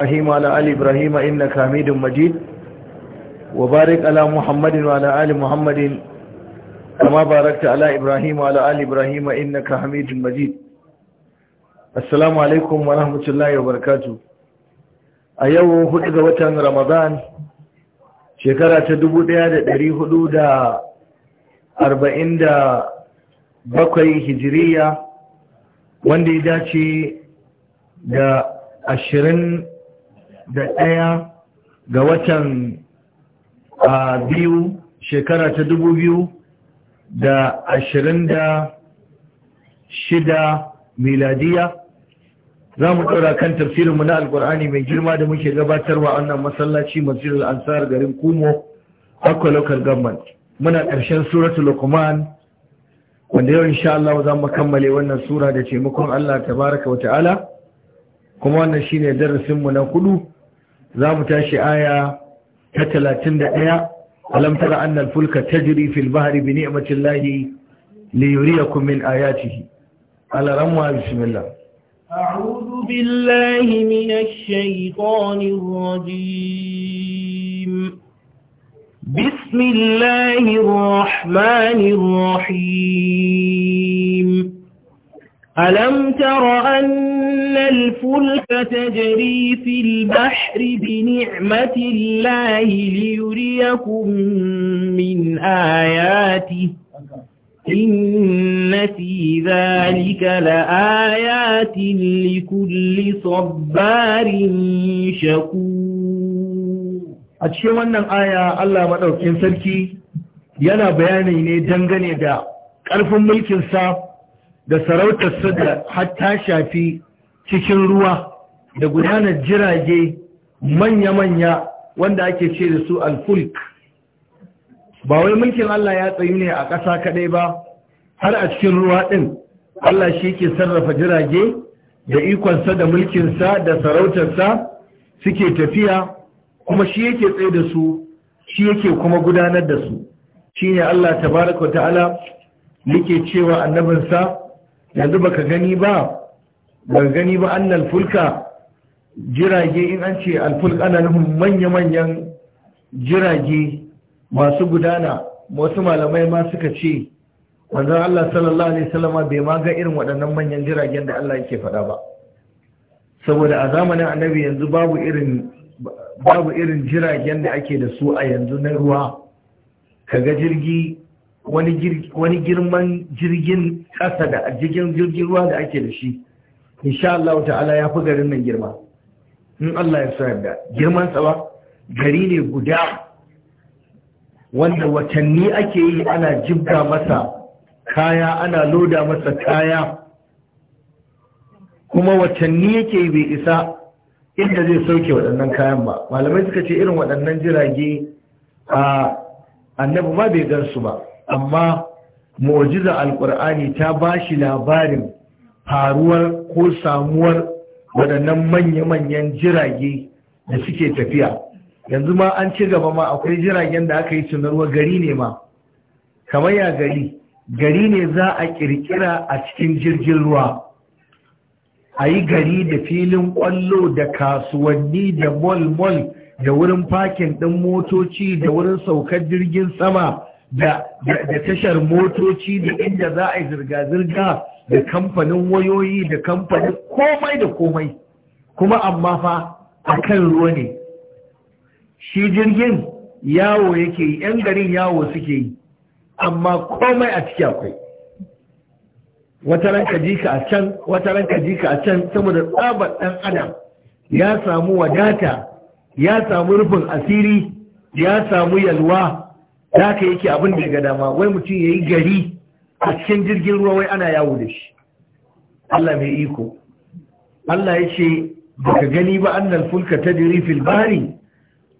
رحيم على آل إبراهيم إنك حميد مجيد وبارك على محمد وعلى آل محمد كما باركت على إبراهيم وعلى آل إبراهيم إنك حميد مجيد السلام عليكم ورحمة الله وبركاته أيوه هدغ وطن رمضان شكرا تدبو ديادة دريه دودا أربعين دا بقي هجرية واندي داتي دا ashirin da ɗaya ga watan biyu shekara ta dubu biyu da ashirin da shida miladiya za mu ɗora kan tafsirinmu na alkur'ani mai girma da muke gabatarwa annan masallaci masirar ansar garin kumo akwai local government muna ƙarshen suratul lokuman. wanda yau insha Allah za mu kammale wannan sura da taimakon Allah tabaraka wa ta'ala kuma wannan shine darasinmu na kudu za mu tashi aya ta 31 alam tara anna al-fulka tajri fil bahri bi ni'mati llahi li yuriyakum kumin ayatihi ala ramwa bismillah أعوذ بالله من الشيطان الرجيم بسم الله الرحمن الرحيم ألم تر أن الفلك تجري في البحر بنعمة الله ليريكم من آياته إن في ذلك لآيات لكل صبار شكور أتشوى أن الآية الله مدعوك إنسانكي يلا bayani ne دا da ملك الصاف da sarautarsa da hatta shafi cikin ruwa da gudanar jirage manya-manya wanda ake ce da su alfulk ba wai mulkin Allah ya tsayu ne a ƙasa kaɗai ba har a cikin ruwa ɗin Allah shi ke sarrafa jirage da ikonsa da mulkinsa da sarautarsa suke tafiya kuma shi yake tsaye da su shi yake kuma gudanar da su shi ne Allah baraka ta'ala yake cewa annabinsa yanzu baka gani ba baka gani ba annal fulka jirage in an ce alfulk ana manya-manyan jirage masu gudana wasu malamai ma suka ce wanzan Allah sallallahu alaihi wasallama bai ma ga irin waɗannan manyan jiragen da Allah yake faɗa ba saboda a zamanin annabi yanzu babu irin babu irin jiragen da ake da su a yanzu na ruwa kaga jirgi wani girman jirgin ƙasa da jirgin jirgin ruwa da ake da shi insha Allah ta'ala ya fi garin nan girma in Allah ya sa da girman sa ba gari ne guda wanda watanni ake yi ana jibga masa kaya ana loda masa kaya kuma watanni yake yi bai isa inda zai sauke waɗannan kayan ba malamai suka ce irin waɗannan jirage a annabi ma bai gan su ba amma mu'jiza alqur'ani ta bashi labarin faruwar ko samuwar wadannan manya-manyan jirage da suke tafiya yanzu ma an ci gaba ma akwai jiragen da aka yi tunarwa gari ne ma kamar ya gari gari ne za a kirkira a cikin jirgin ruwa a yi gari da filin kwallo da kasuwanni da mol mall da wurin fakin ɗin motoci da wurin saukar jirgin sama da tashar motoci da inda za a yi zirga-zirga da kamfanin wayoyi da kamfanin komai da komai kuma amma fa a kan ruwa ne shi jirgin yawo yake yi 'yan garin yawo suke yi amma komai a ciki akwai wata ranka jika a can a can saboda tsabar ɗan adam ya samu wadata ya samu rufin asiri ya samu yalwa da yake abin da ga dama wai mutum ya yi gari a cikin jirgin ruwa wai ana yawo da shi Allah mai iko Allah ya ce baka gani ba annal fulka ta fil bari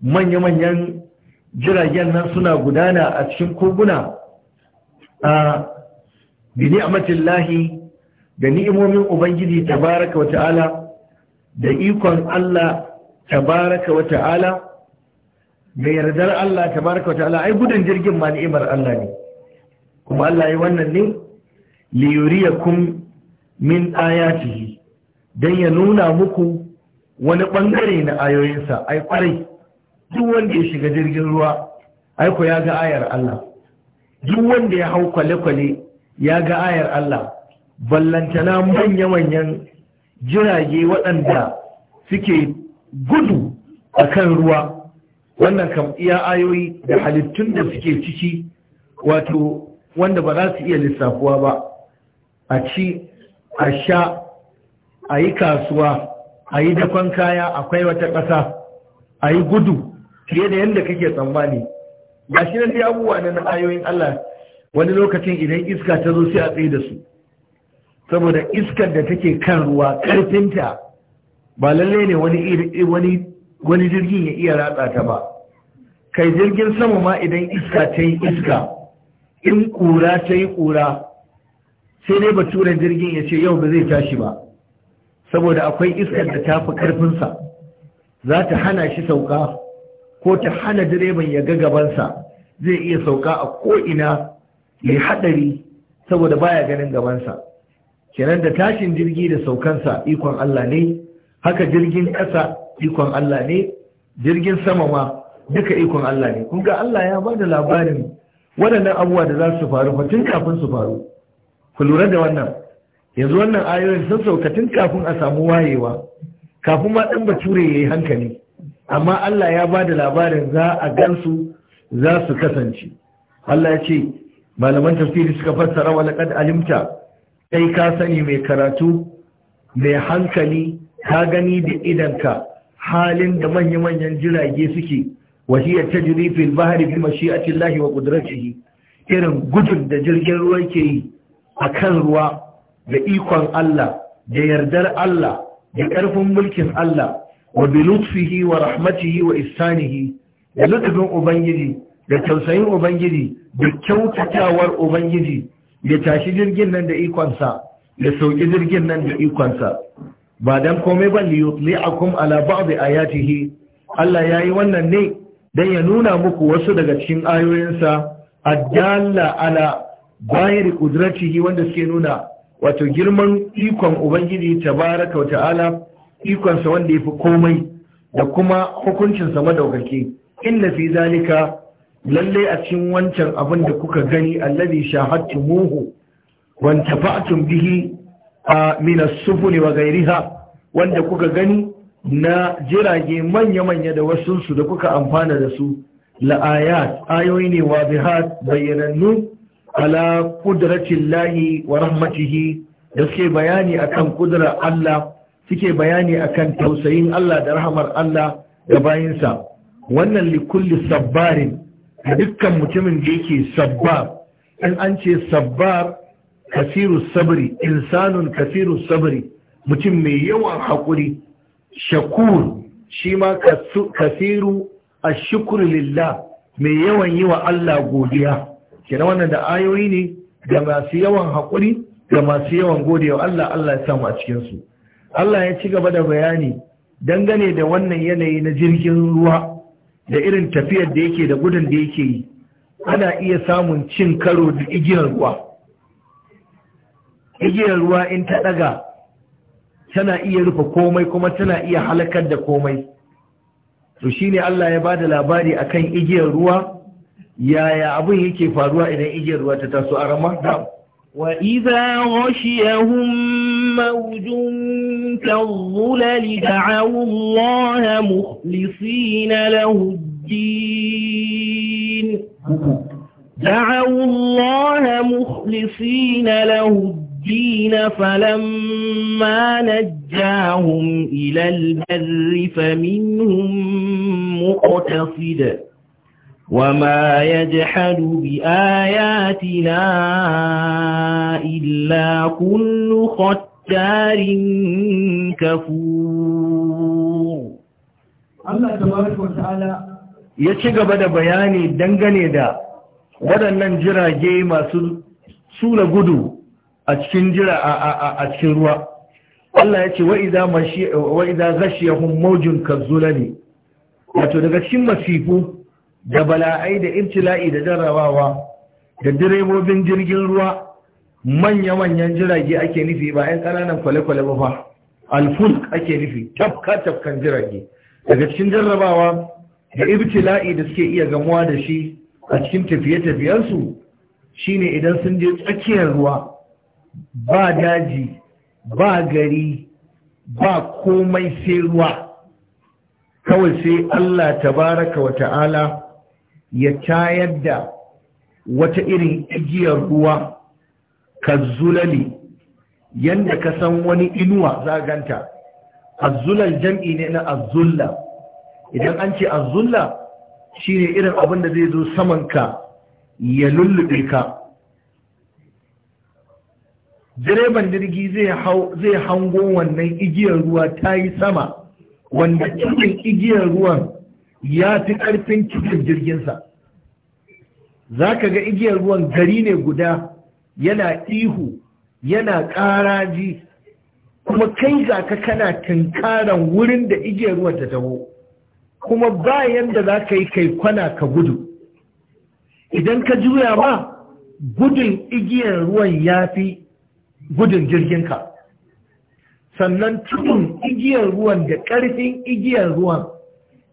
manya-manyan jiragen nan suna gudana a cikin koguna a bini da ni'imomin ubangiji tabaraka wa ta'ala da ikon Allah tabaraka wa ta'ala da yardar Allah ta baraka wata ai gudun jirgin ma ni'imar Allah ne kuma Allah yi wannan ne li kun min ayatihi Don ya nuna muku wani ɓangare na ayoyinsa ai kwarai duk wanda ya shiga jirgin ruwa aiko ya ga ayar Allah duk wanda ya hau kwale-kwale ya ga ayar Allah ballantana manya-manyan jirage waɗanda suke gudu a kan ruwa wannan kam iya ayoyi da halittun da suke ciki wato wanda ba za su iya lissafuwa ba a ci a sha a yi kasuwa a yi dakon kaya akwai wata ƙasa a yi gudu fiye da yadda kake tsammani ga shi nan abubuwa na ayoyin Allah wani lokacin idan iska ta zo sai a tsaye da su saboda iskar da take kan ruwa ƙarfinta ba lallai ne wani wani jirgin ya iya ratsa ta ba kai jirgin sama ma idan iska ta yi iska in ƙura ta yi ƙura sai dai baturen jirgin ya ce yau ba zai tashi ba saboda akwai iskar da ta fi ƙarfinsa za ta hana shi sauka ko ta hana direban ya ga gabansa zai iya sauka a ko'ina ya yi haɗari saboda baya ganin gabansa kenan da tashin jirgi da saukansa ikon Allah ne haka jirgin ƙasa ikon Allah ne jirgin sama ma duka ikon Allah ne kun ga Allah ya ba da labarin waɗannan abubuwa da za su faru tun kafin su faru ku lura da wannan yanzu wannan ayoyin sun sauka tun kafin a samu wayewa kafin ma ɗan bature ya yi hankali amma Allah ya ba da labarin za a gansu za su kasance Allah ya ce malaman tafsiri suka fassara wa laqad alimta kai ka sani mai karatu mai hankali ka gani da idanka halin da manya-manyan jirage suke wahiyar ta jiri bahari bi mashi'atin lahi wa kudratihi irin gudun da jirgin ruwa ke yi a kan ruwa da ikon Allah da yardar Allah da ƙarfin mulkin Allah wa bi lutfihi wa rahmatihi wa isanihi, da lutfin ubangiji da tausayin ubangiji da kyautatawar ubangiji ya tashi jirgin nan da ikonsa ya sauki jirgin nan da ikonsa ba dan komai ba li yutli'akum ala ba'd ayatihi Allah yayi wannan ne dan ya nuna muku wasu daga cikin ayoyinsa addalla ala bayri qudratihi wanda suke nuna wato girman ikon ubangiji tabaraka wa ta'ala ikonsa wanda yafi komai da kuma hukuncinsa madaukake inna fi zalika lalle a cikin wancan abin da kuka gani allazi shahadtumuhu wanta tafa'tum bihi min as-sufuli wa ghayriha wanda kuka gani na jirage manya-manya da wasunsu da kuka amfana da su la'ayat ayoyi ne wa bihat bayyanannu ala kudratin lahi wa rahmatihi da suke bayani akan kudrar Allah suke bayani akan tausayin Allah da rahamar Allah da bayinsa wannan likulli sabbarin dukkan mutumin da yake sabbar in an ce sabbar kasiru sabri insanun kasiru sabri mutum mai yawan hakuri, shakur shi ma kasiru a shukuru lillah mai yawan yi wa Allah godiya kira wannan da ayoyi ne ga masu yawan haƙuri ga masu yawan godiya Allah Allah ya samu a cikinsu Allah ya ci gaba da bayani dangane da wannan yanayi na jirgin ruwa da irin tafiyar da yake da gudun da yake yi ana iya samun cin karo da igiyar ruwa igiyar ruwa in ta ɗaga tana iya rufe komai kuma tana iya halakar da komai to shine Allah ya bada labari akan igiyar ruwa yaya abin yake faruwa idan igiyar ruwa ta taso a ramadan وإذا غشيهم موج كالظلل دعوا الله مخلصين له الدين دعوا الله مخلصين له الدين فلما نجاهم إلى البر فمنهم مقتصد وما يجحد بآياتنا إلا كل ختار كفور الله تبارك وتعالى يشيغ بدا بياني دنگني دا ودنن جراجي ما سول قدو a cikin jira a cikin ruwa Allah ya ce wa idza ghashiyahum mawjun kazzulani wato daga cikin masifu da bala'ai da imtila'i da jarrabawa da direbobin jirgin ruwa manya-manyan jirage ake nufi ba 'yan ƙananan kwale-kwale ba fa alfulk ake nufi tafka-tafkan jirage daga cikin jarrabawa da ibtila'i da suke iya gamuwa da shi a cikin tafiye-tafiyensu shine idan sun je tsakiyar ruwa ba daji ba gari ba komai sai ruwa kawai sai Allah tabaraka wa ta'ala ya tayar da wata irin igiyar ruwa ka zulali yadda ka san wani inuwa zaganta azzulal jam'i ne na azzulla idan an ce azzulla shine irin abin da zai zo saman ka ya lullube ka direban jirgi zai hango wannan igiyar ruwa ta yi sama wanda cikin igiyar ruwan ya fi ƙarfin cikin jirginsa za ka ga igiyar ruwan gari ne guda yana ihu yana ƙaraji kuma kai ga ka kana tunkaran wurin da igiyar ruwan ta taho kuma bayan da za ka yi kai kwana ka gudu idan ka juya ma gudun igiyar ruwan ya fi gudun jirgin ka. sannan tudun igiyar ruwan da ƙarfin igiyar ruwan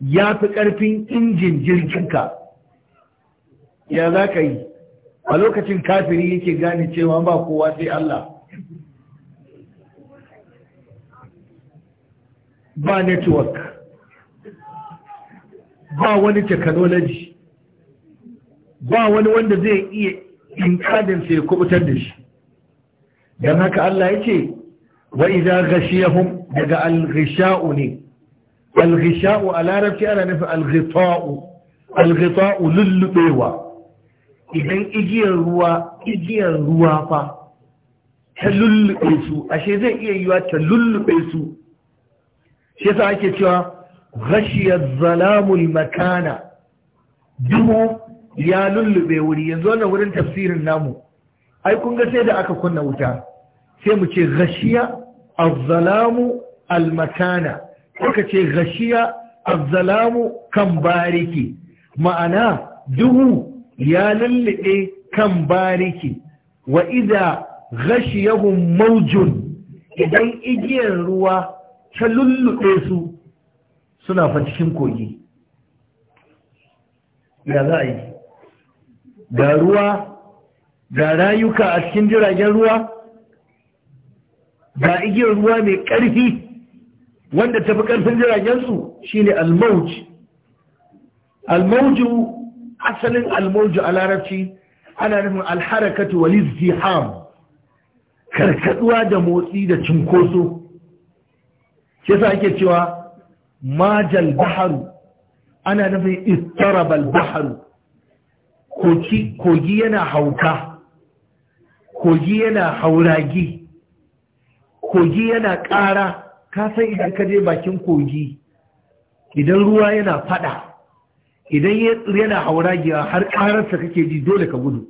ya fi ƙarfin injin jirginka ya za ka yi a lokacin kafiri yake gane cewa ba kowa sai Allah ba network ba wani technology ba wani wanda zai iya inkadin sai kubutar da shi don haka Allah ya ce wa idza ghashiyahum daga al-ghisha'u ne al-ghisha'u a larabci ana nufin al-ghita'u al-ghita'u lullubewa idan igiyar ruwa igiyar ruwa fa ta lullube su ashe zai iya yiwa ta lullube su shi yasa ake cewa ghashiyaz zalamul makana duhu ya lullube wuri yanzu wannan wurin tafsirin namu ai kun ga sai da aka kunna wuta sai mu ce gashiya azzalamu almakana kuka ce gashiya azzalamu kan bariki ma'ana duhu ya lullube kan bariki wa idza ghashiyahum mawjun idan igiyar ruwa ta lullube su suna fa cikin kogi ya za a yi ga ruwa ga rayuka a cikin jiragen ruwa ga igiyar ruwa mai ƙarfi wanda tafi ƙarfin jiragensu shine almauji almauju asalin almauju a larabci ana nufin alharakatu wal izdiham karkaduwa da motsi da cinkoso shi yasa ake cewa majal baharu ana nufin istarabal baharu kogi yana hauka kogi yana hauragi kogi yana ƙara Ka san idan ka je bakin kogi idan ruwa yana fada idan yana giya, har ƙararsa kake ji dole ka gudu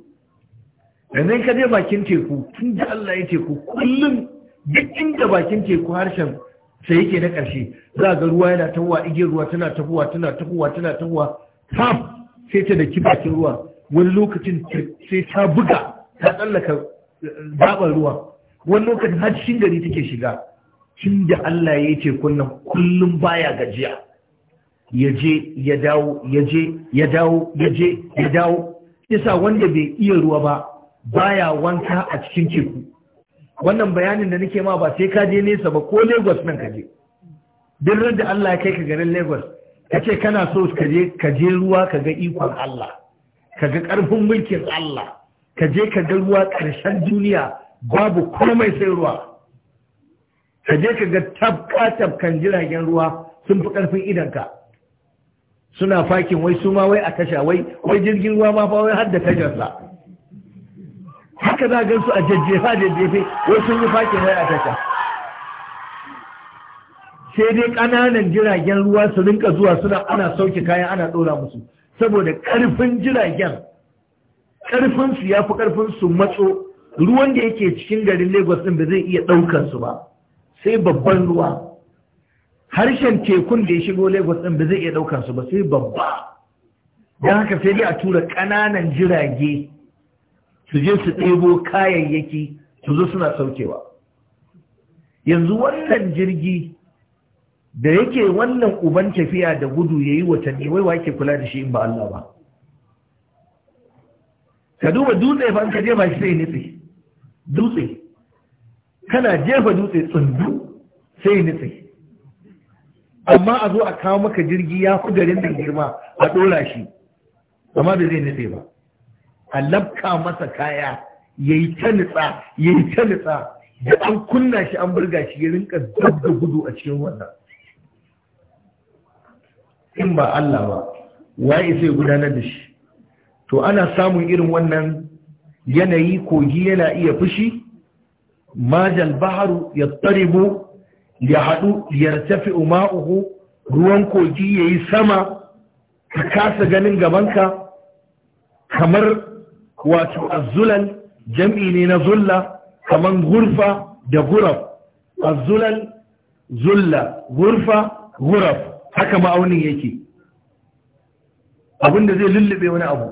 Idan ka je bakin teku tun da Allah ya teku kullum duk inda bakin teku harshen sai yake na ƙarshe za ga ruwa yana tahowa igiyar ruwa tana tahowa tana tahowa tana tahowa tam sai ta daki bakin ruwa wani lokacin sai ta buga ta tsallaka zaɓar ruwa wani lokacin har cikin gari take shiga shin da Allah ya ce kunnan kullum baya gajiya ya je ya dawo ya je ya dawo ya je ya dawo isa wanda bai iya ruwa ba baya wanka a cikin teku wannan bayanin da nake ma ba sai ka je nesa ba ko Lagos nan ka je duk da Allah ya kai ka garin Lagos ka ce kana so ka je ka je ruwa ka ga ikon Allah ka ga karfin mulkin Allah ka je ka ga ruwa karshen duniya babu komai sai ruwa ka je ka ga tabka tabkan jiragen ruwa sun fi karfin idanka suna fakin wai su ma wai a tasha wai wai jirgin ruwa ma fa wai har da tasharsa haka za gan su a jajjefa jajjefe wai sun yi fakin wai a tasha sai dai ƙananan jiragen ruwa su rinka zuwa suna ana sauke kayan ana ɗora musu saboda ƙarfin jiragen ƙarfin su ya fi ƙarfin su matso ruwan da yake cikin garin lagos ɗin ba zai iya ɗaukar su ba sai babban ruwa harshen tekun da ya shigo lagos ɗin ba zai iya ɗaukar su ba sai babba don haka sai dai a tura ƙananan jirage su je su ɗebo kayayyaki su zo suna saukewa yanzu wannan jirgi da yake wannan uban tafiya da gudu ya yi watanni wai wa yake kula da shi in ba Allah ba ka duba dutse ba ka je ba shi sai nufi dutse kana jefa dutse tsundu sai nutse amma a zo a kawo maka jirgi ya fi garin da girma a ɗora shi amma da zai nutse ba a labka masa kaya ya yi ta nutsa ya yi ta nutsa da an kunna shi an burga shi ya rinka zab da gudu a cikin wannan in ba Allah ba waye sai gudanar da shi to ana samun irin wannan yanayi kogi yana iya fushi majal baharu ya tsaribu ya haɗu ya tafi uku, ruwan kogi ya yi sama ka kasa ganin gabanka kamar wato azulal jam'i ne na zulla kamar gurfa da guraf azulal zulla gurfa guraf haka ma'aunin yake abinda zai lullube wani abu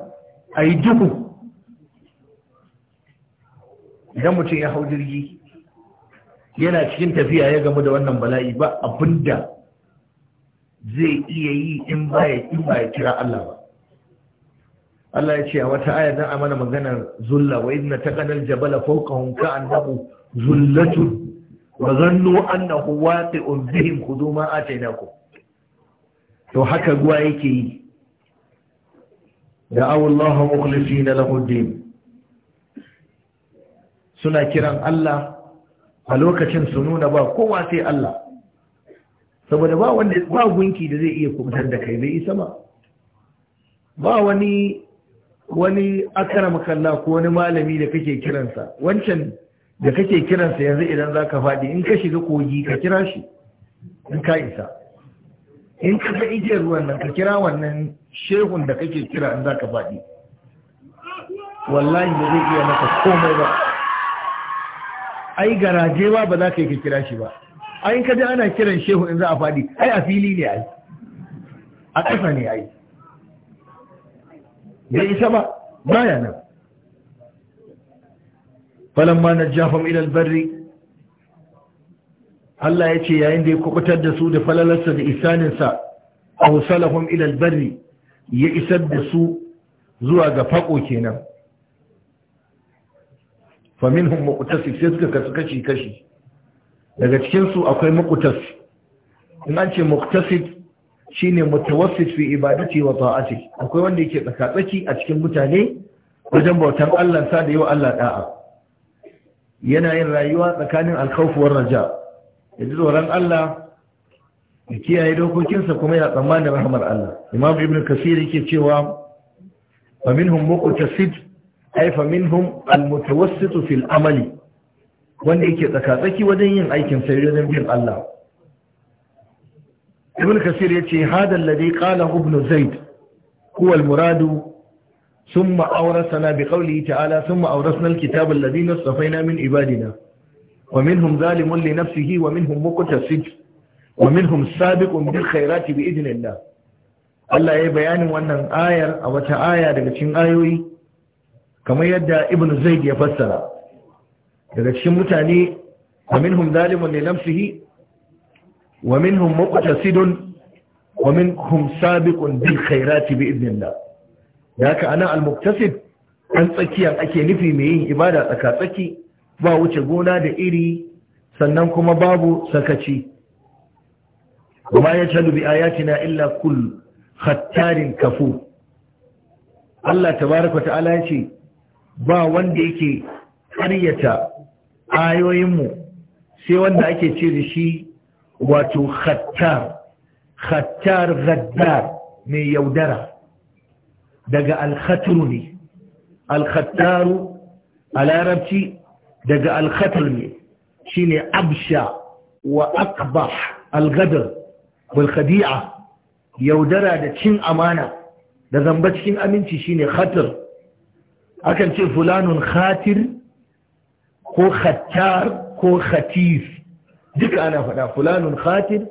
a yi duku. idan mutum ya hau jirgi yana cikin tafiya ya gamu da wannan bala'i ba abinda zai iya yi in ba ya kira Allah ba Allah ya ce a wata aya dan amana maganar zulla wa idna kanar jabala fawqahum ka'annahu zullatu wa zannu annahu waqi'un bihim khudhu ma atainakum to haka ruwa yake yi da awallahu mukhlisina lahu suna kiran Allah a lokacin su nuna ba kowa sai Allah saboda ba wanda ba gunki da zai iya kubutar da kai bai isa ba ba wani wani makalla ko wani malami da kake kiransa wancan da kake kiransa yanzu idan za ka faɗi in ka shiga kogi ka kira shi in ka isa in ka ga ijiyar ruwan nan ka kira wannan shehun da kake kira in za ka faɗi wallahi ba zai iya maka komai ba ai garaje ba ba za ka yi ka kira shi ba ai ka ji ana kiran shehu in za a faɗi ai a fili ne ai a ƙasa ne ai bai isa ba baya nan Falon na najjahum ilal bari, Allah ya ce yayin da ya kubutar da su da falalarsa da isaninsa a husalahum ilal bari ya isar da su zuwa ga fako kenan Famin minhum muqtasid sai suka kasu kashi kashi daga cikinsu akwai muqtasid in an ce muqtasid shine mutawassit fi ibadati wa ta'ati akwai wanda yake tsakatsaki a cikin mutane wajen bautan Allah sa da yau Allah da'a yana yin rayuwa tsakanin alkhawf war raja yanzu tsoron Allah ya kiyaye dokokinsa kuma yana tsammanin rahamar Allah imam ibn kasir yake cewa fa minhum haifa minhum almutawassitu fil amali wanda yake tsaki wajen yin aikin sirrin bin Allah Ibn Kasir ya yace hada alladhi qala Ibn Zayd huwa almurad thumma na bi qawlihi ta'ala thumma awrasna alkitab alladhi nasafaina min ibadina wa minhum zalimun li nafsihi wa minhum muqtasid wa minhum sabiqun bil khairati bi idnillah Allah ya yi bayanin wannan ayar a wata aya daga cikin ayoyi kamar yadda ibn zaid ya fassara daga cikin mutane wa minhum zalimun li nafsihi wa minhum muqtasidun wa minhum sabiqun bil khairati bi idnillah ka ana al muqtasid an tsakiyan ake nufi mai yin ibada tsaka tsaki ba wuce gona da iri sannan kuma babu sakaci kuma ya talu bi ayatina illa kull khattarin kafu Allah tabaraka ta'ala ya ce ba wanda yake karyata ayoyinmu sai wanda ake ce da shi wato khattar khattar gaddar mai yaudara daga alkhatru ne alkhattaru a larabci daga alkhatar ne Shi ne absha wa akba algadar walkhadi'a yaudara da cin amana da zamba cikin aminci shi ne khatar akan ce fulanun khatir ko khattar ko khatif duka ana faɗa fulanun khatir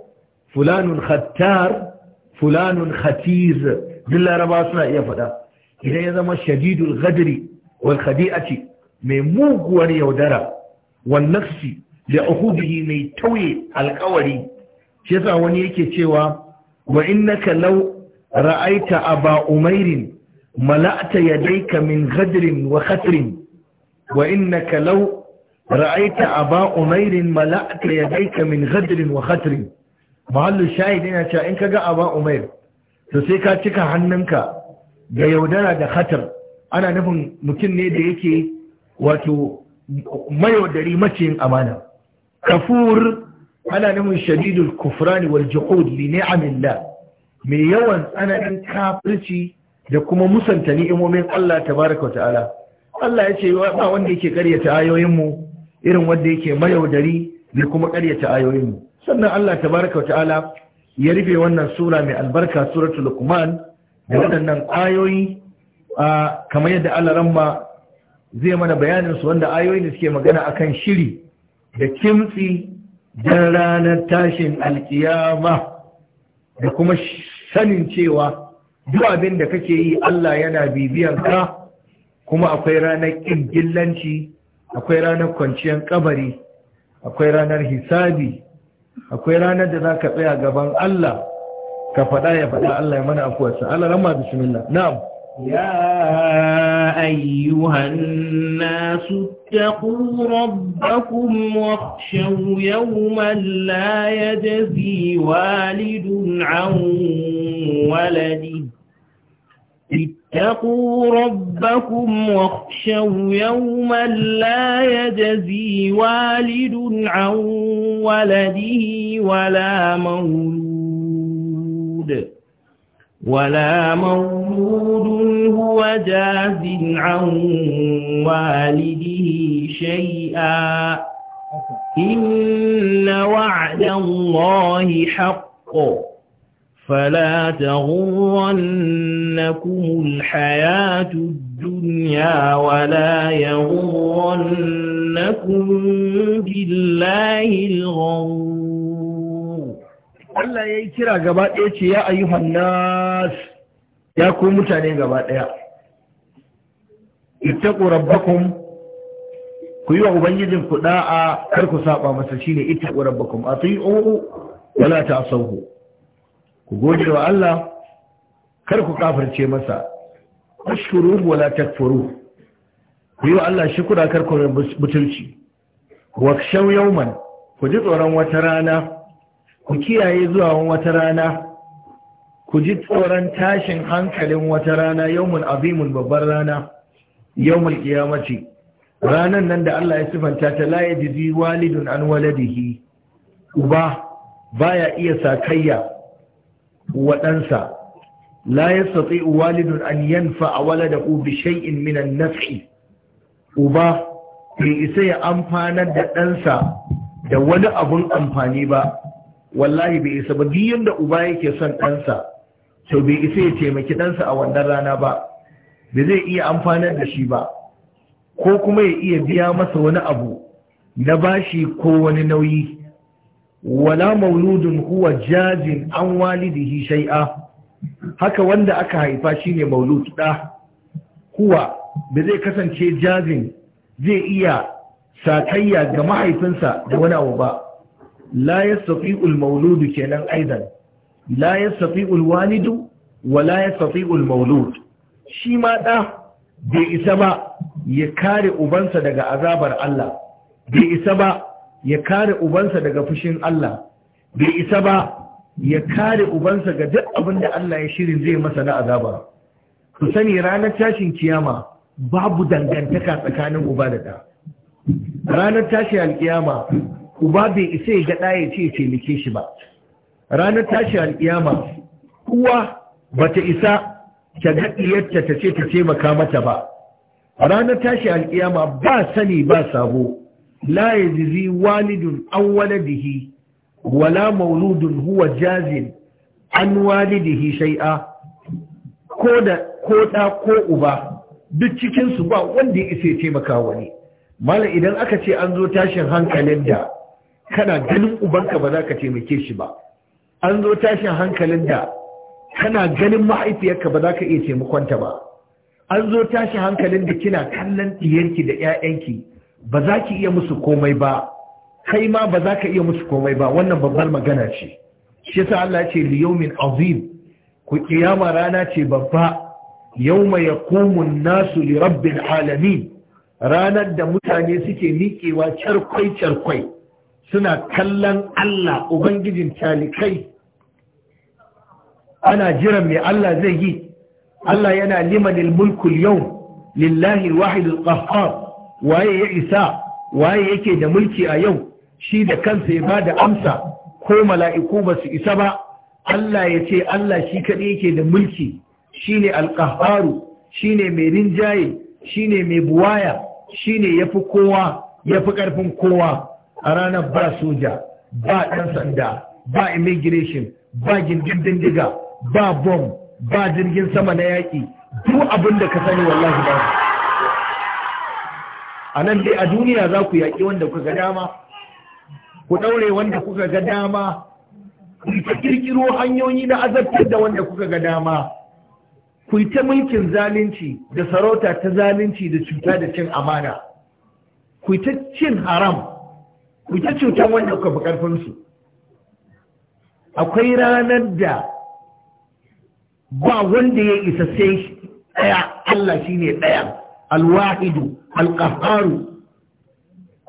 fulanun khattar fulanun khatir duk laraba suna iya faɗa idan ya zama shadidul gadri wal khadi'ati mai muguwar yaudara wal nafsi da uhudihi mai tauye alkawari shi yasa wani yake cewa wa innaka law ra'aita aba umairin ملأت يديك من غدر وخسر وإنك لو رأيت أبا أمير ملأت يديك من غدر وخسر mahallu shahid yana cewa in kaga aba umair to sai ka cika hannunka da yaudara da khatar ana nufin mutum ne da yake wato mayaudari maciyin amana kafur ana nufin shadidul kufrani wal juhud li ni'amillah mai yawan tsananin kafirci da kuma musanta ni'imomin Allah tabaraka ta'ala Allah ya ce ba wanda yake karyata ayoyin mu irin wanda yake mayaudari ne kuma karyata ayoyin mu sannan Allah tabaraka ta'ala ya rufe wannan sura mai albarka suratul luqman da waɗannan ayoyi kamar yadda Allah ramma zai mana bayanin su wanda ayoyin da suke magana akan shiri da kimtsi da ranar tashin alkiyama da kuma sanin cewa duk abin da kake yi Allah yana bibiyan ka kuma akwai ranar ƙirgillanci akwai ranar kwanciyar kabari akwai ranar hisabi akwai ranar da za ka tsaya gaban Allah ka faɗa ya faɗa Allah ya mana sa, Allah rama bismillah na'am يا أيها الناس اتقوا ربكم واخشوا يوما لا يجزي والد عن ولده اتقوا ربكم واخشوا يوما لا يجزي والد عن ولده ولا مولود ولا مولود هو جاز عن والده شيئا إن وعد الله حق فلا تغرنكم الحياة الدنيا ولا يغرنكم بالله الغرور Allah ya yi kira gaba ɗaya ce ya ayyuhan nas ya ku mutane gaba ɗaya. Ittaku rabbakum ku yi wa Ubangijin ku da'a kar ku saba masa shine ittaku rabbakum ati'u wala ta'sahu ku gode wa Allah kar ku kafirce masa ashkuru wala takfuru ku yi wa Allah shukura kar ku Wa wakshaw yawman ku ji tsoron wata rana ku kiyaye zuwa wata rana ku ji tsoron tashin hankalin wata rana yawmun azimun babbar rana yawmul qiyamati ranan nan da Allah ya sifanta ta la yajidi walidun an waladihi uba baya iya sakayya waɗansa la yastati walidun an yanfa waladahu bi shay'in min an-naf'i uba bai isa ya amfana da ɗansa da wani abun amfani ba wallahi bai isa ba duk yanda uba yake son ɗansa to bai isa ya taimaki ɗansa a wannan rana ba bai zai iya amfanar da shi ba ko kuma ya iya biya masa wani abu na bashi ko wani nauyi wala mauludun huwa jazin an walidi walidihi shai'a haka wanda aka haifa shine maulud da huwa ba zai kasance jazin zai iya satayya ga mahaifinsa da wani abu ba la yastati'ul mauludu kenan aidan la yastati'ul walidu wala la yastati'ul maulud shi ma da bai isa ba ya kare ubansa daga azabar Allah bai isa ba ya kare ubansa daga fushin Allah bai isa ba ya kare ubansa ga duk abin da Allah ya shirin zai masa na azaba ku sani ranar tashin kiyama babu dangantaka tsakanin uba da ɗa ranar tashi alkiyama uba bai isa ya gaɗa ya ce taimake shi ba ranar tashi alkiyama uwa bata isa ta gaɗiyarta ta ce ta taimaka mata ba ranar tashi alkiyama ba sani ba sabo la yajzi walidun an waladihi wala mauludun huwa jazin an walidihi shai'a ko da ko ko uba duk cikin su ba wanda ya isa ya taimaka wani mala idan aka ce an zo tashin hankalin da kana ganin ubanka ba za ka taimake shi ba an zo tashin hankalin da kana ganin mahaifiyarka ba za ka iya taimakonta ba an zo tashin hankalin da kina kallon ɗiyarki da 'ya'yanki ba za ki iya musu komai ba kai ma ba za ka iya musu komai ba wannan babbar magana ce shi yasa Allah ce liyaumin azim ku kiyama rana ce babba Yau yauma yaqumu nasu li rabbil alamin ranar da mutane suke miƙewa carkwai carkwai suna kallon Allah ubangijin talikai ana jiran mai Allah zai yi Allah yana liman mulkul yau lillahi wahidul qahhar waye ya isa waye yake da mulki a yau shi da kansa ya bada amsa ko mala'iku ba su isa ba Allah ya ce Allah shi kaɗai yake da mulki shine alƙaharu shine mai rinjaye shine mai buwaya shine yafi kowa yafi ƙarfin kowa a ranar ba soja ba ɗan sanda ba immigration ba gindin dindiga ba bom ba jirgin sama na yaƙi duk abin da ka sani wallahi ba a nan dai a duniya za ku yaƙi wanda kuka ga dama ku ɗaure wanda kuka ga dama ku ta ƙirƙiro hanyoyi na azabtar da wanda kuka ga dama ku yi ta mulkin zalunci da sarauta ta zalunci da cuta da cin amana ku yi ta cin haram ku yi ta cutar wanda kuka fi ƙarfinsu akwai ranar da ba wanda ya isa sai ɗaya Allah shi ne ɗaya alwahidu alƙaharu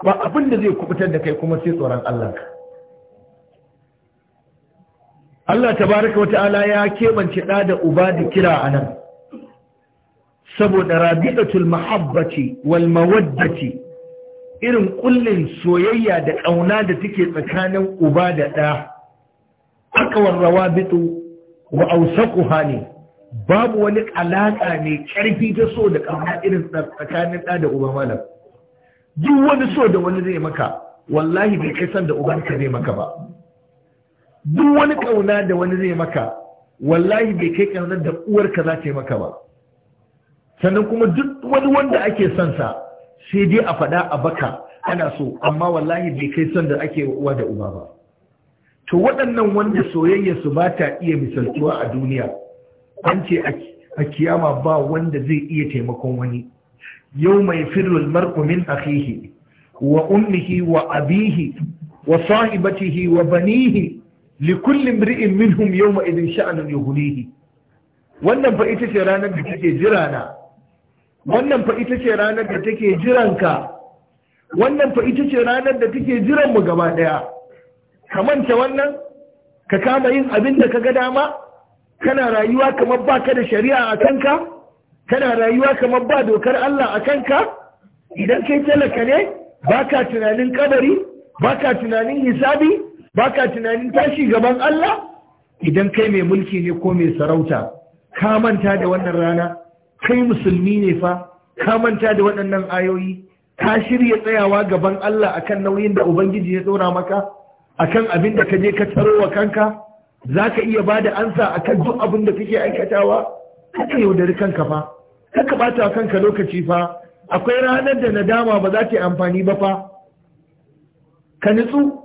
ba abin da zai kubutar da kai kuma sai tsoron Allah ka Allah tabaraka wa ta'ala ya keɓance ɗa da uba da kira a nan saboda rabi'atul mahabbaci wal mawaddati irin kullin soyayya da ƙauna da take tsakanin uba da ɗa warrawa rawabitu wa ausaquha ne babu wani alaƙa mai ƙarfi ta so da ƙauna irin tsakanin ɗa da uba malam duk wani so da wani zai maka wallahi bai kai san da ka zai maka ba duk wani ƙauna da wani zai maka wallahi bai kai ƙaunar da ka za ta yi maka ba sannan kuma duk wani wanda ake son sa sai dai a faɗa a baka ana so amma wallahi bai kai son da ake uwa da uba ba to waɗannan wanda soyayya su ba ta iya misaltuwa a duniya an ce a kiyama ba wanda zai iya taimakon wani yau mai firul mar'u min akhihi wa ummihi wa abihi wa sahibatihi wa banihi li kulli imri'in minhum yawma idin sha'anun yughnihi wannan fa ita ce ranar da take jira na wannan fa ita ce ranar da take jiranka wannan fa ita ce ranar da take jiran mu gaba daya ka manta wannan ka kama yin abin da ka ga dama kana rayuwa kamar ba ka da shari'a a kanka kana rayuwa kamar ba dokar Allah a kanka idan kai talaka ne ba ka tunanin kabari ba ka tunanin hisabi ba ka tunanin tashi gaban Allah idan kai mai mulki ne ko mai sarauta ka manta da wannan rana kai musulmi ne fa ka manta da waɗannan ayoyi ka shirya tsayawa gaban Allah akan nauyin da Ubangiji ya tsora maka akan abin da ka je ka taro wa kanka za ka iya ba da ansa a kan duk abin da kake aikatawa haka yaudari kanka fa haka bata kanka lokaci fa akwai ranar da nadama ba za ta yi amfani ba fa ka nutsu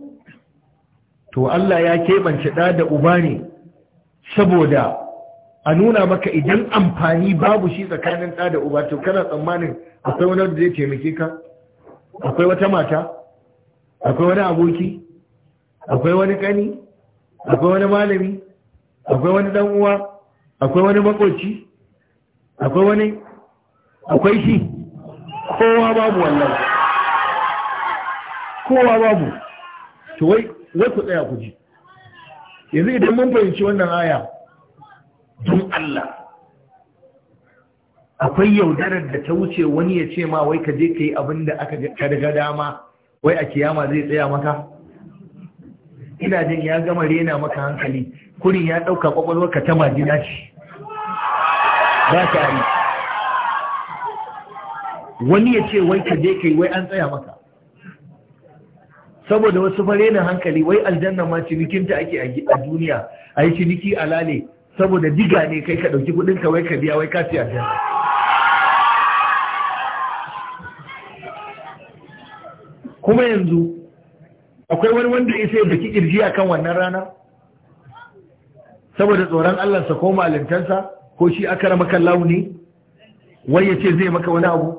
to Allah ya keɓance ɗa da uba ne saboda a nuna maka idan amfani babu shi tsakanin ɗa da uba to kana tsammanin akwai wani da zai taimake ka akwai wata mata akwai wani aboki akwai wani ƙani akwai wani malami akwai wani dan uwa akwai wani makoci akwai wani akwai shi kowa babu wallahi kowa babu to wai wai ku tsaya ku ji yanzu idan mun fahimci wannan aya don Allah akwai yaudarar da ta wuce wani ya ce ma wai ka je ka yi abin da aka ka riga dama wai a kiyama zai tsaya maka ina jin ya gama rena maka hankali kurin ya ɗauka ƙwaƙwalwarka ta majina ce ba ta yi wani ya ce wai ka je kai wai an tsaya maka saboda wasu farenin hankali wai aljanna ma cinikinta ake a duniya a yi ciniki alale saboda diga ne kai ka ɗauki kuɗin ka wai ka biya wai ka siya aljanna kuma yanzu akwai wani wanda ya sai baki kirji akan wannan rana? saboda tsoron sa ko malintansa ko shi aka rama kan launi, wai ya ce zai maka wani abu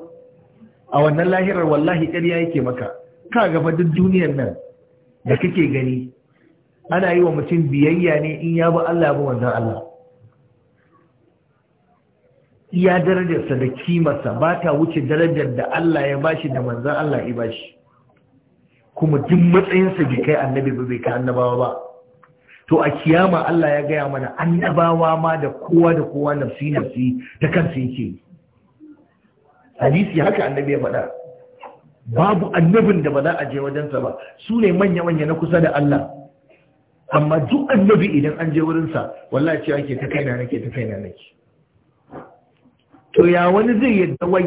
a wannan lahirar wallahi ƙarya yake maka ka gaba duk duniyar nan da kake gani ana yi wa mutum biyayya ne in ya bi Allah ba wanzan Allah iya darajarsa da kimarsa ba ta wuce darajar da Allah ya bashi da manzan Allah ya bashi kuma duk matsayinsa bai kai annabi ba bai kai annabawa ba to a kiyama Allah ya gaya mana annabawa ma da kowa da kowa nafsi nafsi ta kansa yake hadisi haka annabi ya faɗa babu annabin da ba za a je wajensa ba su ne manya-manya na kusa da Allah amma duk annabi idan an je wurinsa wallahi cewa ke ta kaina nake ta kaina nake to ya wani zai yadda wai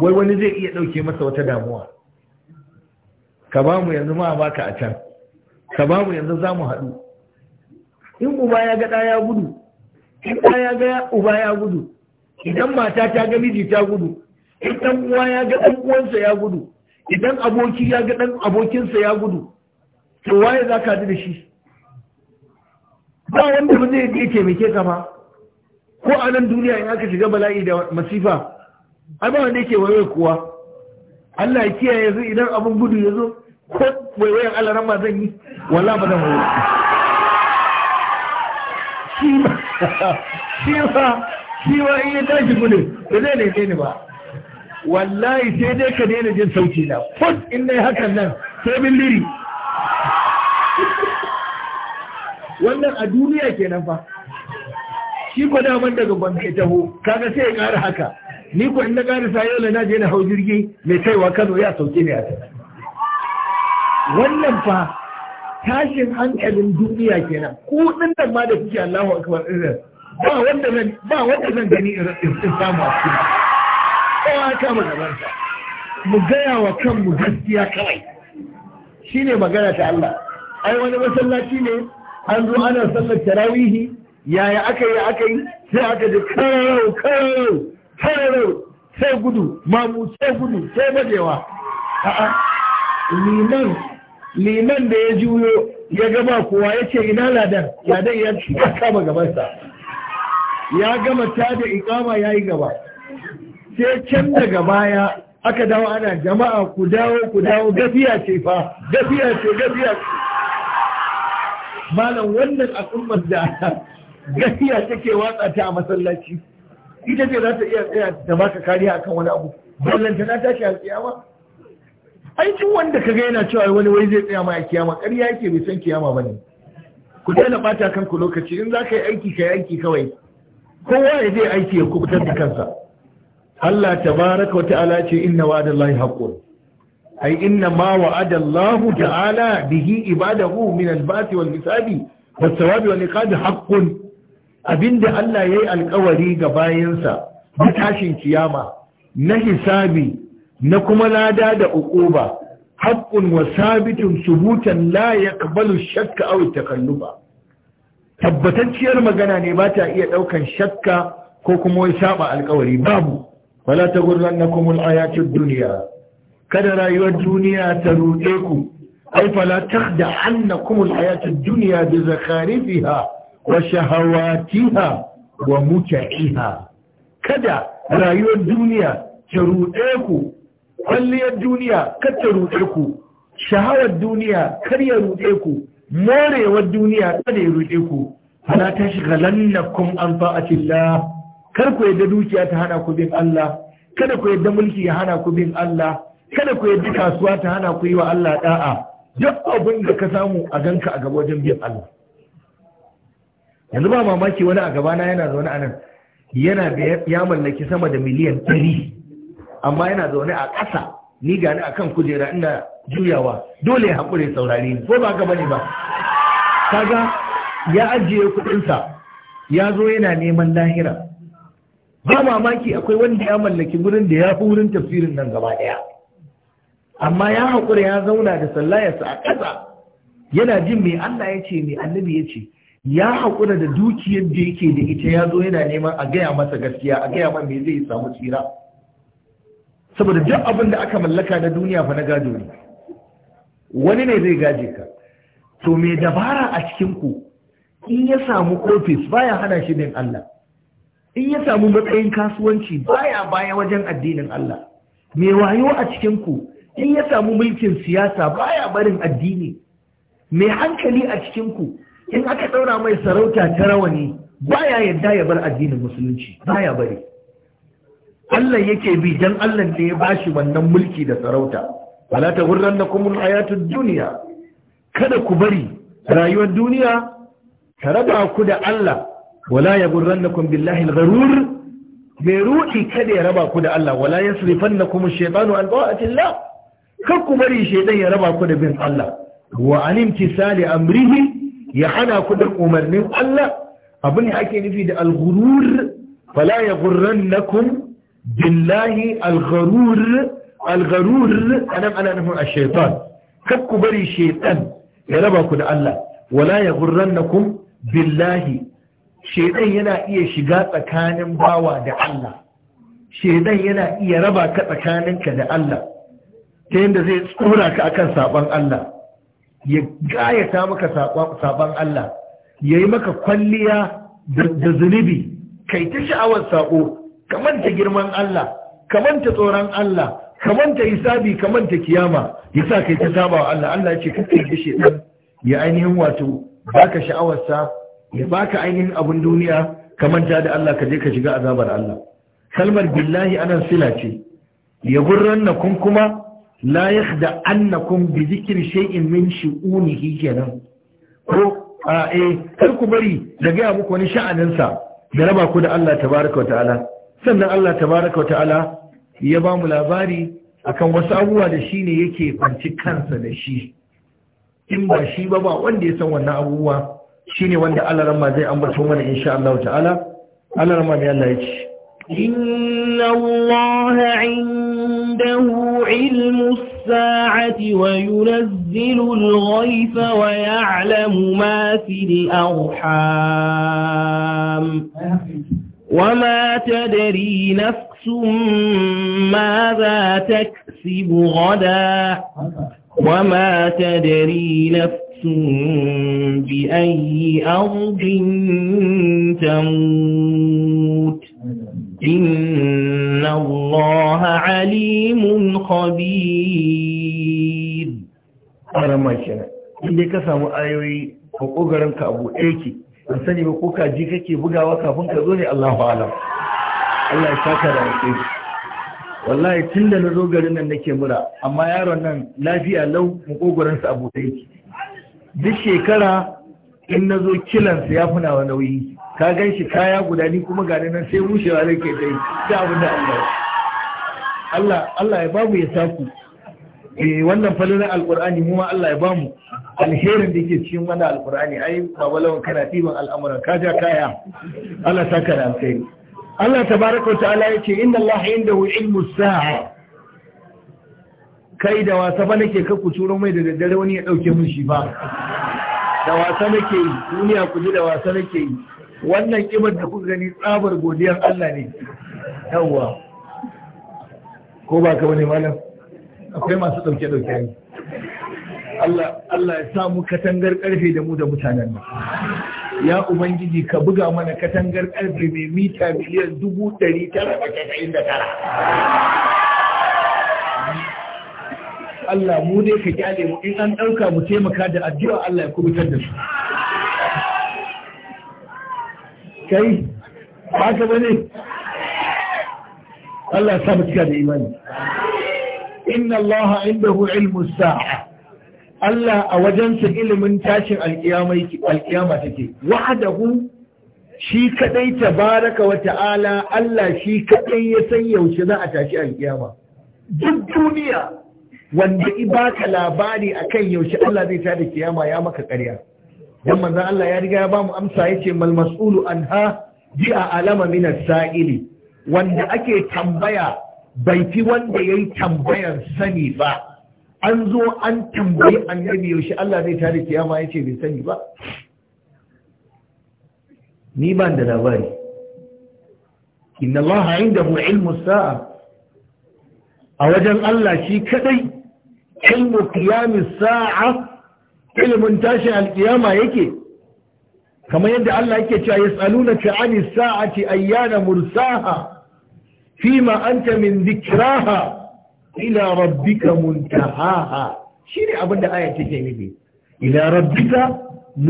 wai wani zai iya ɗauke masa wata damuwa ka ba mu yanzu ma baka a can ka ba mu yanzu za mu haɗu in uba ya ga ɗa ya gudu in ɗa ya ga uba ya gudu idan mata ta ga miji ta gudu in ɗan uwa ya ga ɗan uwansa ya gudu idan aboki ya ga ɗan abokinsa ya gudu to waye za ka da shi ba wanda ba zai iya taimake ka ba ko a nan duniya in aka shiga bala'i da masifa ai ba wanda yake waye kuwa Allah ya kiyaye yanzu idan abin gudu ya zo ko waiwayan Allah nan ma zan yi wala ba zan waiwa shi ma shi ma shi ma in ya tashi gudu ba zai ne ni ba wallahi sai dai ka daina jin sauki na fut in yi hakan nan sai bin liri wannan a duniya kenan fa shi ko daman daga bankai taho kaga sai ya kara haka ni ku in na sa yau na je na hau jirgi mai kaiwa kano ya sauke ne a wannan fa tashin hankalin duniya kenan ku din da ma da kuke Allahu akbar irin ba wanda zan ba wanda zan gani in samu a cikin kowa aka mu gaban sa mu gaya wa kanmu gaskiya kawai shine magana ta Allah ai wani masallaci ne an zo ana sallar tarawihi yaya aka yi aka yi sai aka ji kararau kararau fararau sai gudu mamu sai gudu sai bajewa a'a liman liman da ya juyo ya gama kowa ya ce ina ladan ladan ya kama gabansa ya gama ta da ikama ya yi gaba sai can daga baya aka dawo ana jama'a ku dawo ku dawo gafiya ce fa gafiya ce gafiya ce malam wannan al'ummar da gafiya take watsa ta a masallaci ita ce za ta iya tsaya ta baka kariya akan wani abu ballanta na tashi a kiyama ai duk wanda kaga yana cewa wani wai zai tsaya ma a kiyama ƙarya yake bai san kiyama bane ku daina bata kanku lokaci in za ka yi aiki ka yi aiki kawai kowa ya je aiki ya kubutar da kansa Allah tabaraka wa ta'ala ce inna wa'adallahi haqqun ai inna ma wa'adallahu ta'ala bihi ibadahu min al-ba'thi wal-hisabi was-sawabi wal-iqad haqqun abinda Allah ya yi alkawari ga bayansa na tashin kiyama na hisabi na kuma lada da uquba haƙƙun wa sabitin subutan la yaqbalu shakka aw takalluba tabbatacciyar magana ne ba ta iya ɗaukan shakka ko kuma wai saba alkawari babu wala taghurrannakum alayatud duniya. kada rayuwar duniya ta ruɗe ku ai fala takhda annakum duniya da bi zakharifiha wa shahawatiha wa muta'iha kada rayuwar duniya ta ruɗe ku kwalliyar duniya kar ta ruɗe ku shahawar duniya kar ya ruɗe ku morewar duniya kada ya rude ku ana ta shigalannakum an fa'atillah kar ku yadda dukiya ta hana ku bin Allah kada ku yadda mulki ya hana ku bin Allah kada ku yadda kasuwa ta hana ku yi wa Allah da'a duk abin da ka samu a ganka a gaba wajen bin Allah yanzu ba mamaki wani a gabana yana zaune a nan yana da ya mallaki sama da miliyan ɗari amma yana zaune a ƙasa ni gani a kan kujera ina juyawa dole ya haƙure saurari ko ba gaba ne ba kaga ya ajiye kuɗinsa ya zo yana neman lahira ba mamaki akwai wanda ya mallaki gurin da ya fi wurin tafsirin nan gaba ɗaya amma ya haƙura ya zauna da sallayarsa a ƙasa yana jin mai Allah ya ce mai annabi ya ce ya haƙura da dukiyar da yake da ita ya zo yana neman a gaya masa gaskiya a gaya man me zai samu tsira saboda duk abin da aka mallaka na duniya fa na gado ne wani ne zai gaje ka to mai dabara a cikin ku in ya samu ofis baya hana shi din Allah in ya samu matsayin kasuwanci baya baya wajen addinin Allah mai wayo a cikin ku in ya samu mulkin siyasa baya barin addini mai hankali a cikin ku in aka ɗaura mai sarauta ta rawani baya yadda ya bar addinin musulunci baya bari Allah yake bi dan Allah da ya bashi wannan mulki da sarauta wala ta gurran da kuma hayatud duniya kada ku bari rayuwar duniya ta raba ku da Allah wala ya gurran da kuma billahi al mai ruɗi kada ya raba ku da Allah wala yasrifan da kuma shaytanu an ta'atillah kar ku bari Shaitan ya raba ku da bin Allah wa an imtisali amrihi ya hana ku da umarnin Allah abin ne ake nufi da al-ghurur fala kun? billahi al-gharur al-gharur anan ana nufin a shaitan. kar ku bari shaytan ya raba ku da Allah wala kun? billahi shaytan yana iya shiga tsakanin bawa da Allah shaidan yana iya raba ka tsakaninka da Allah ta yadda zai tsora ka akan sabon Allah ya gayata maka saban Allah ya yi maka kwalliya da zunubi kai ta sha'awar saƙo kamanta girman Allah kamanta tsoron Allah kamanta hisabi kamanta kiyama sa kai ta saba wa Allah Allah ya ce kake da ɗan ya ainihin wato baka sha'awar sa ya baka ainihin abun duniya manta da Allah ka je ka shiga azabar Allah kalmar billahi anan sila ce ya gurranna kun kuma la da annakum bi dhikri shay'in min shu'unihi kenan ko a eh kar ku bari da ga muku wani sha'anin sa da raba ku da Allah tabaraka ta'ala sannan Allah tabaraka ta'ala ya ba mu labari akan wasu abubuwa da shi ne yake kwanci kansa da shi in ba shi ba ba wanda ya san wannan abubuwa shine wanda Allah ramma zai ambato mana insha Allah ta'ala Allah ramma mai Allah ya ce inna Allah عنده علم الساعة وينزل الغيث ويعلم ما في الأرحام وما تدري نفس ماذا تكسب غدا وما تدري نفس بأي أرض تموت إن الله عليم خبير أرما كنا inda ka samu ayoyi ko kogarin ka abu ɗaya an sani ba ko kaji kake bugawa kafin ka zo ne Allahu alam Allah ya saka da ake wallahi tun da na zo garin nan nake mura amma yaron nan lafiya lau a abu ɗaya duk shekara in na zo kilansa ya fi nawa nauyi ka gan shi kaya guda ni kuma gani nan sai rushewa da ke dai ta abin da Allah Allah ya babu ya saku eh wannan falin alqur'ani mu Allah ya bamu alherin da yake cikin wannan alqur'ani ai babu lawan kana tiban al'amuran ka ja kaya Allah saka da alkhairi Allah tabaraka ta'ala yace inna Allah indahu ilmu sa'a kai da wasa ba nake ka kuturo mai da daddare wani ya dauke mun shi ba da wasa nake yi duniya ku ji da wasa nake yi wannan kibar da kuka gani tsabar godiyar Allah ne yawwa ko ba ka wani malam akwai masu ɗauke dauke ne Allah Allah ya sa mu katangar karfe da mu da mutanen nan. ya ubangiji ka buga mana katangar karfe mai mita miliyan dubu ɗari tara da tara Allah mu dai ka kyale mu in an ɗauka mu taimaka da addu'a Allah ya kubutar da su kai haka bane Allah ya sa mu cika da imani inna Allah indahu ilmu sa'a Allah a wajensa ilimin tashin alkiyama take wahdahu shi kadai tabaraka wa ta'ala Allah shi kadai ya san yaushe za a tashi alkiyama duk duniya wanda i baka labari akan yaushe Allah zai tada kiyama ya maka ƙarya dan manzon Allah ya riga ya ba mu amsa yace mal mas'ulu anha ji'a alama min saili wanda ake tambaya bai fi wanda yayi tambayar sani ba an zo an tambayi annabi yaushe Allah zai tada kiyama yace bai sani ba ni ban da labari inna Allah indahu ilmu sa'a a wajen Allah shi kadai ilmu kiyami sa'a ilmin tashin alkiyama yake kamar yadda Allah yake cewa yas'alunaka 'anis sa'ati ayyana mursaha fima anta min dhikraha ila rabbika muntahaha shine abin da aya take nufi ila rabbika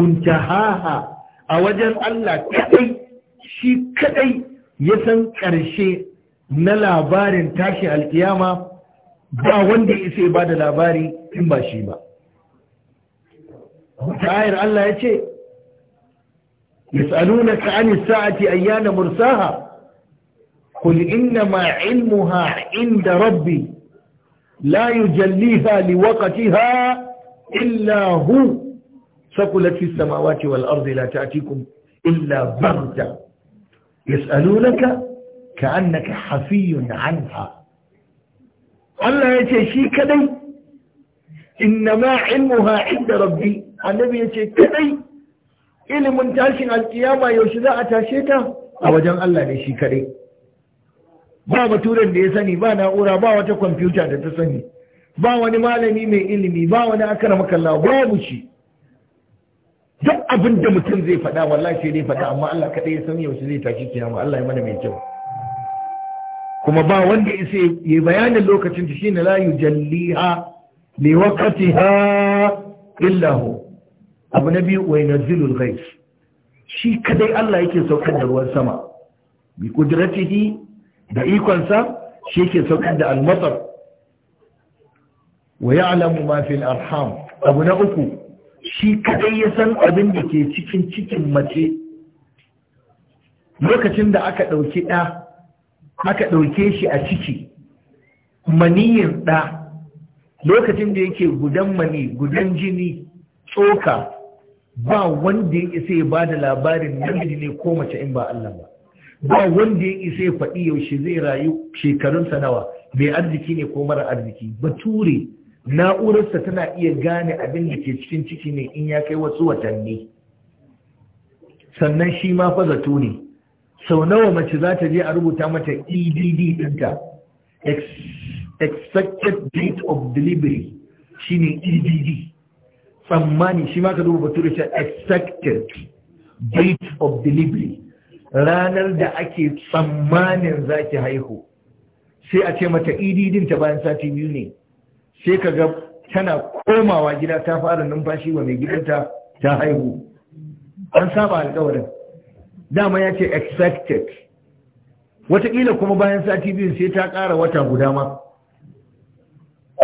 muntahaha a wajen Allah kadai shi kadai ya san karshe na labarin tashin alkiyama ba wanda ya isa ba da labari in ba shi ba ta'ayar Allah ya ce yas'alunaka 'ani sa'ati ayyana mursaha قل إنما علمها عند ربي لا يجليها لوقتها إلا هو ثقلت في السماوات والأرض لا تأتيكم إلا بغتة يسألونك كأنك حفي عنها Allah ya ce shi kadai innama ilmuha inda rabbi annabi ya ce kadai ilimin tashin alkiyama yaushe za a tashe ta a wajen Allah ne shi kadai ba baturen da ya sani ba na'ura ba wata kwamfuta da ta sani ba wani malami mai ilimi ba wani akara makalla babu shi duk abin da mutum zai faɗa wallahi sai dai faɗa amma Allah kadai ya san yaushe zai tashi kiyama Allah ya mana mai kyau kuma ba wanda isa ya bayanin lokacin ta shine la yujalliha li waqtiha illa hu abu na biyu wa yunzilu al shi kadai Allah yake saukar da ruwan sama bi qudratihi da ikonsa shi yake saukar da al-matar wa ya'lamu ma arham abu na uku shi kadai ya san abin da ke cikin cikin mace lokacin da aka ɗauki ɗa aka ɗauke shi a ciki maniyin ɗa lokacin da yake gudan mani gudan jini tsoka ba wanda ya isa ya ba da labarin namiji ne ko mace in ba Allah ba ba wanda ya isa ya faɗi yaushe zai rayu shekarunsa nawa mai arziki ne ko mara arziki bature na'urarsa tana iya gane abin da ke cikin ciki ne in ya kai wasu watanni sannan shi ma fa zato ne sau nawa mace za ta je a rubuta mata edd ɗinta expected date of delivery shine edd tsammani shi ma ka duba bature shi expected date of delivery ranar da ake tsammanin za ki haihu sai a ce mata edd ta bayan sati biyu ne sai ka ga tana komawa gida ta fara numfashi wa mai gidanta ta haihu an saba alkawarin dama ya ce expected wataƙila kuma bayan sati biyu sai ta ƙara wata guda ma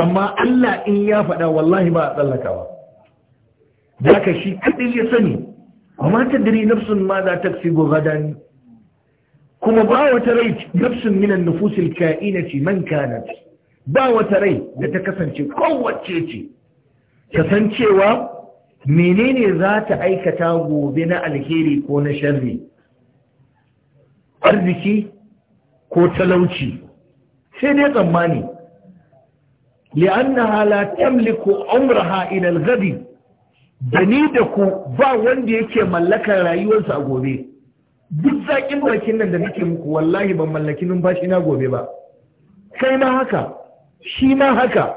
amma Allah in ya faɗa wallahi ba a tsallakawa da ka shi kaɗai ya sani amma ta diri nafsun ma za ta fi gadan kuma ba wata rai nafsun minan nufusil ka'inati man kanat ba wata rai da ta kasance kowace ce kasancewa menene za ta aikata gobe na alheri ko na sharri arziki ko talauci sai dai tsammani li'annaha la tamliku umraha ila al-ghadi da ni da ku ba wanda yake mallakar rayuwarsa a gobe duk zaƙin bakin nan da nake muku wallahi ban mallaki numfashi na gobe ba kai ma haka shi ma haka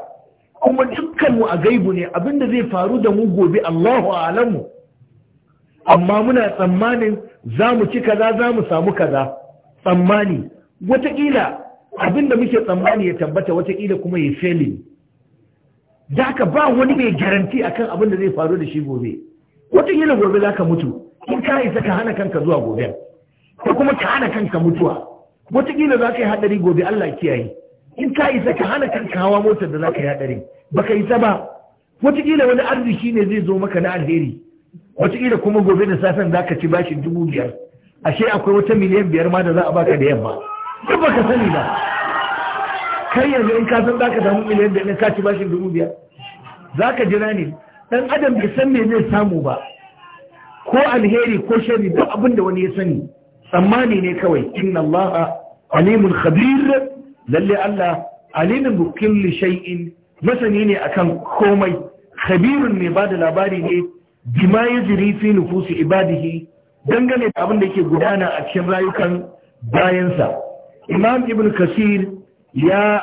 kuma dukkan mu a gaibu ne abinda zai faru da mu gobe Allahu a'lamu amma muna tsammanin za mu ci kaza za mu samu kaza tsammani wataƙila abinda muke tsammani ya tabbata watakila kuma ya failing da haka ba wani mai garanti akan abin da zai faru da shi gobe wataƙila gobe za ka mutu in ka isa ka hana kanka zuwa gobe ko kuma ka hana kanka mutuwa wataƙila za ka yi haɗari gobe Allah kiyaye in ka isa ka hana kanka hawa motar da za ka yi haɗari ba ka isa ba wataƙila wani arziki ne zai zo maka na alheri wataƙila kuma gobe da safen za ka ci bashin dubu biyar ashe akwai wata miliyan biyar ma da za a baka da yamma duk baka sani ba kai yanzu in ka san za ka samu miliyan biyar ka ci bashin dubu biyar za ka jira ne dan adam bai san me zai samu ba ko alheri ko shari duk abin da wani ya sani tsammani ne kawai inna Allah alimun khabir lalle Allah alimin bi kulli shay'in masani ne akan komai khabirun mai bada labari ne bima jiri fi nufusu ibadihi dangane da abin da yake gudana a cikin rayukan bayansa imam ibn kasir ya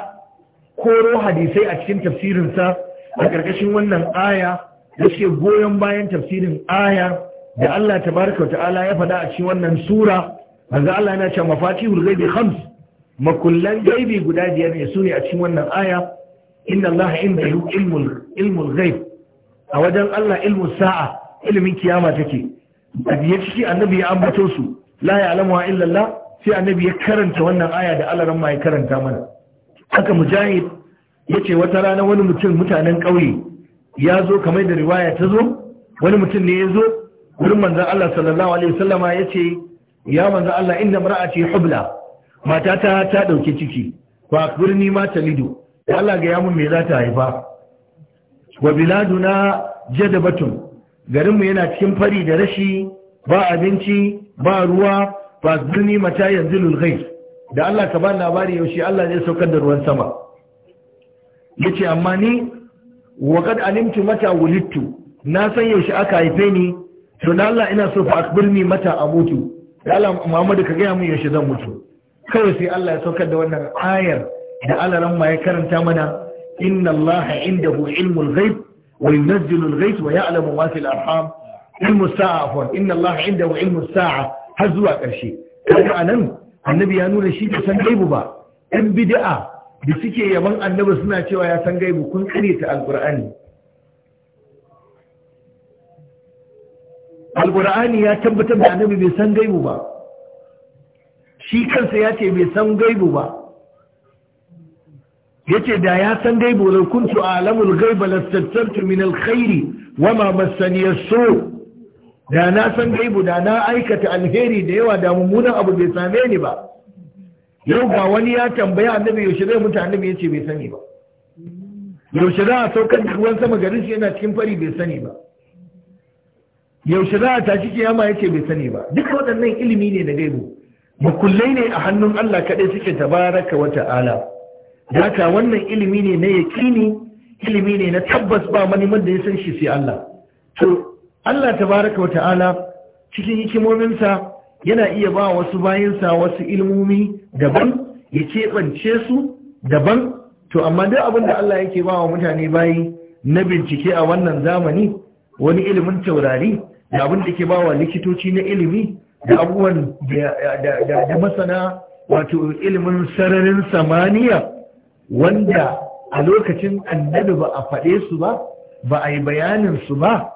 koro hadisai a cikin tafsirinsa a ƙarƙashin wannan aya da suke goyon bayan tafsirin aya da Allah tabaraka wa ta'ala ya faɗa a cikin wannan sura manzo Allah yana cewa mafatihul ghaibi khams makullan gaibi guda biyar ne sune a cikin wannan aya inna Allah indahu ilmul ghaib a wajen Allah ilmu sa'a ilimin kiyama take a biye ciki annabi ya ambato su la ya'lamuha illa Allah sai annabi ya karanta wannan aya da Allah ran ya karanta mana haka mujahid yace wata rana wani mutum mutanen ƙauye ya zo kamar da riwaya ta zo wani mutum ne ya zo wurin manzon Allah sallallahu alaihi wasallama yace ya manzon Allah inna mar'ati hubla matata ta dauke ciki fa birni ma talidu Allah ga ya mun me za ta haifa wa biladuna jadabatun garinmu yana cikin fari da rashi ba abinci ba ruwa ba zuni mata yanzu lulghai da Allah ka ba labari yaushe Allah zai saukar da ruwan sama yace amma ni wa kad alimtu mata wulidtu na san yaushe aka haife ni to na Allah ina so fa akbirni mata amutu mutu. Allah Muhammadu ka gaya mun yaushe zan mutu kawai sai Allah ya saukar da wannan ayar da Allah ran ma ya karanta mana inna Allah indahu ilmul ghaib wa yunzilu al-ghayth wa ya'lamu ma fil arham ilmu sa'a fa inna Allah indahu ilmu sa'a har zuwa karshe kaga anan annabi ya nuna shi da san gaibu ba ɗan bid'a da suke yaban annabi suna cewa ya san gaibu kun ta alqur'ani alqur'ani ya tabbatar da annabi bai san gaibu ba shi kansa ya ce bai san gaibu ba yace da ya san dai bore kuntu alamul ghaiba lastattartu min alkhairi ma masani yasu da na san gaibu da na aikata alheri da yawa da mummunan abu bai same ni ba yau ga wani ya tambaya annabi yaushe zai mutu annabi yace bai sani ba yaushe za a saukar ruwan sama garin shi yana cikin fari bai sani ba yaushe za a tashi kiyama yace bai sani ba duk waɗannan ilimi ne na gaibu makullai ne a hannun Allah kaɗai suke tabaraka wa ta'ala haka wannan ilimi ne na yakini ilimi ne na tabbas ba maniman da ya san shi sai Allah to Allah tabaraka wa ta'ala cikin hikimominsa yana iya ba wasu bayansa wasu ilmomi daban ya keɓance su daban to amma duk abin da Allah yake ba wa mutane bayi na bincike a wannan zamani wani ilimin taurari da abin da ke ba wa likitoci na ilimi da abubuwan da masana wato ilimin sararin samaniya wanda a lokacin annabi ba a faɗe su ba ba a yi bayanin su ba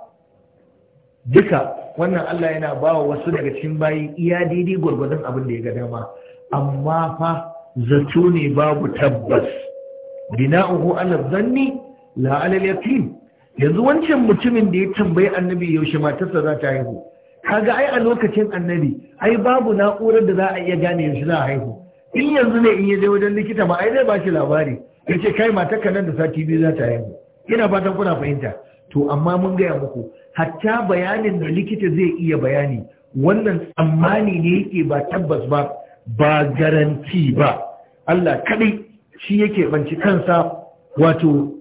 duka wannan Allah yana ba wa wasu daga cikin bayi iya daidai gwargwadon abin da ya ga dama amma fa zato ne babu tabbas uku ala zanni la ala yaqin yanzu wancan mutumin da ya tambayi annabi yaushe matarsa za ta haihu kaga ai a lokacin annabi ai babu na'urar da za a iya gane yaushe za a haihu in yanzu ne in ya je wajen likita ba ai zai ba shi labari ya ce kai matakan nan da sati biyu za ta haihu ina fatan kuna fahimta to amma mun gaya muku hatta bayanin da likita zai iya bayani wannan tsammani ne yake ba tabbas ba ba garanti ba Allah kaɗai shi yake banci kansa wato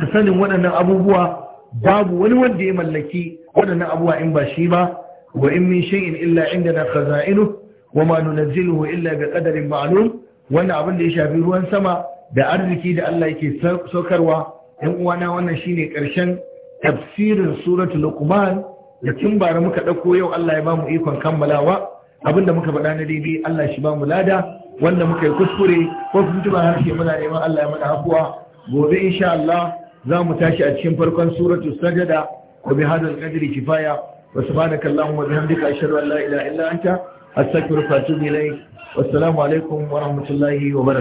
da sanin waɗannan abubuwa babu wani wanda ya mallaki waɗannan abubuwa in ba shi ba wa in min shay'in illa indana inu. wa ma nunazziluhu illa bi qadarin ma'lum wannan abin da ya shafi ruwan sama da arziki da Allah yake saukarwa ɗan uwana wannan shine ƙarshen tafsirin suratul luqman da tun bara muka ɗauko yau Allah ya bamu ikon kammalawa Abin da muka faɗa na daidai Allah shi bamu lada wanda muka yi kuskure ko kuma harshe muna neman Allah ya mana afuwa gobe insha Allah za mu tashi a cikin farkon suratu sajada wa bi hadal qadri kifaya wa subhanaka allahumma bihamdika ashhadu an la ilaha illa anta astaghfiruka wa atubu ilayk wassalamu alaikum wa rahmatullahi wa barakatuh